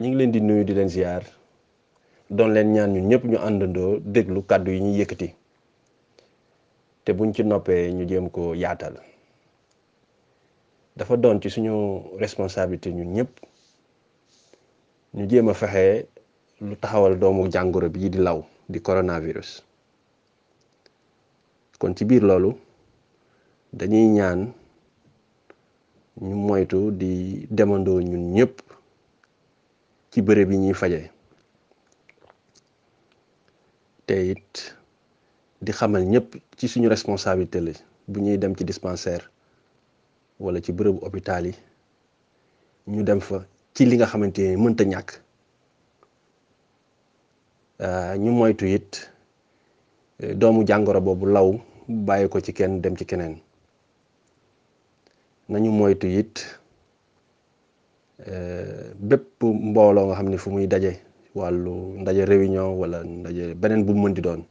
ñu ngi leen di nuyu di leen ziar doon leen ñaan ñu ñëpp ñu àndandoo déglu kàddu yi ñuy yëkkati te buñ ci noppee ñu jéem ko yaatal dafa doon ci suñu responsabilité ñun ñëpp ñu jéem a fexe lu taxawal doomu jàngoro bii di law di coronavirus kon ci biir loolu dañuy ñaan ñu moytu di demandoo ñun ñëpp. ci bërëb yi ñuy faje te it di xamal ñëpp ci suñu responsabilité la bu ñuy dem ci dispensaire wala ci bërëbu hôpital yi ñu dem fa ci li nga xamante ne mënta ñàkk ah, ñu moytu it eh, doomu jàngoro boobu law bàyyi ko ci kenn dem ci keneen nañu moytu it Euh, bépp mbooloo nga xam ne fu muy daje wàllu ndaje réunion wala ndaje beneen bu mu mën di doon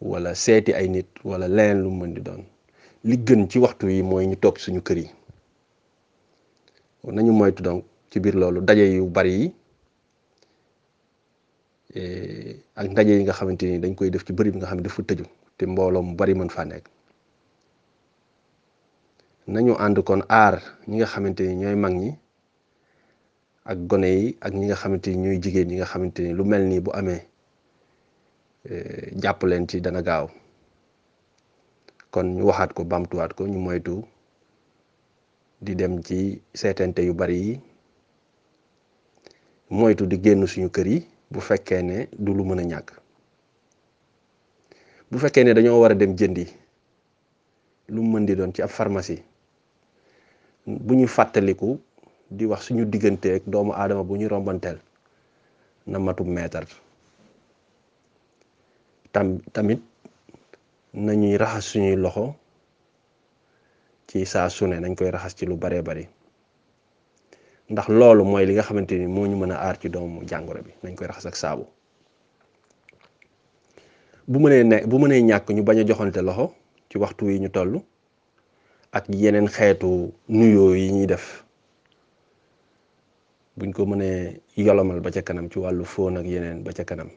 wala seeti ay nit wala leneen lu mu mën di doon li gën ci waxtu yi mooy ñu toog suñu kër yi nañu moytu donc ci biir loolu daje yu bari yi eh, ak ndaje yi nga xamante ni dañ koy def ci bari bi nga xam ne dafa tëju te mbooloo mu bari mën faa nekk. nañu ànd kon aar ñi nga xamante ni ñooy mag ñi ak gone yi ak ñi nga xamante ni ñooy jigéen ñi nga xamante ni lu mel nii bu amee eh, jàpp leen ci dana gaaw kon ñu waxaat ko bamtuwaat ko ñu moytu di dem ci seetante yu bari yi moytu di génn suñu kër yi bu fekkee ne du lu mën a ñàkk bu fekkee ne dañoo war a dem yi lu mën di doon ci ab pharmacie bu ñu fàttaliku di wax suñu digganteeg doomu aadama bu ñu rombanteel na matum meetar tam tamit nañuy raxas suñuy loxo ci saa su ne nañ koy raxas ci lu baree bari ndax loolu mooy li nga xamante ni moo ñu mën a aar ci doomu jàngoro bi nañ koy raxas ak saabu bu mënee ne bu mënee ñàkk ñu bañ a joxante loxo ci waxtu wi ñu toll ak yeneen xeetu nuyoo yi ñuy def buñ ko mënee yolomal ba ca kanam ci wàllu fóon ak yeneen ba ca kanam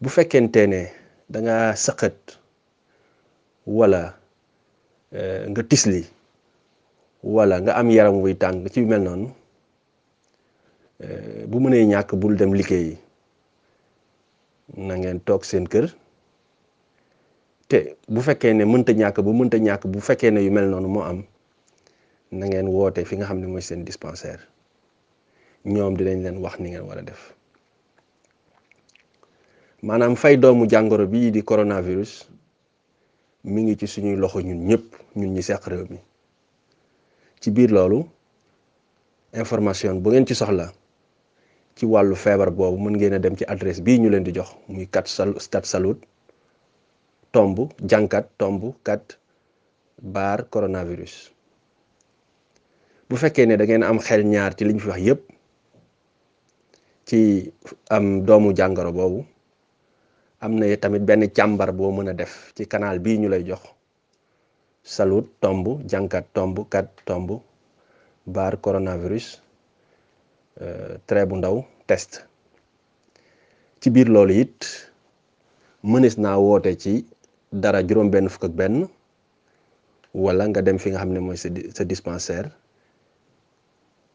bu fekkente ne danga sëqët wala euh, nga tisli wala nga am yaram wuy tàng ci mel noonu euh, bu mënee ñàkk bul dem liggéey na ngeen toog seen kër te bu fekkee ne mënta ñàkk bu mënta ñàkk bu fekkee ne yu mel noonu moo am na ngeen woote fi nga xam ne mooy seen dispensaire ñoom dinañ leen wax ni ngeen war a def maanaam fay doomu jàngoro bii di coronavirus mu ngi ci suñuy loxo ñun ñëpp ñun ñi seq réew mi ci biir loolu information bu ngeen ci soxla ci wàllu feebar boobu mun ngeen a dem ci adresse bii ñu leen di jox muy kat sal stat tomb jànkat tomb kat baar coronavirus bu fekkee ne dangeen am xel ñaar ci liñ fi wax yépp ci am doomu jàngoro boobu am na tamit benn càmbar boo mën a def ci kanaal bii ñu lay jox salut tomb jànkat tomb kat tomb baar coronavirus euh, trait bu ndaw test ci biir loolu it mënees naa woote ci dara juróom-benn fukk ak benn wala nga dem fi nga xam ne mooy sa sa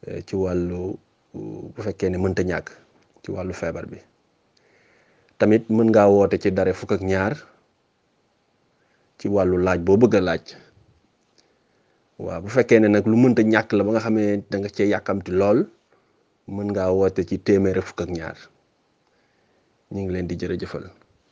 eh, ci wàllu bu fekkee ne mënta ñàkk ci wàllu feebar bi tamit mën ngaa woote ci dara fukk ak ñaar ci wàllu laaj boo bëgg a laaj waaw bu fekkee ne nag lu mënta ñàkk la ba nga xamee da nga cee yàkkamti lool mën ngaa woote ci téeméer ak fukk ak ñaar ñu ngi leen di jërëjëfal.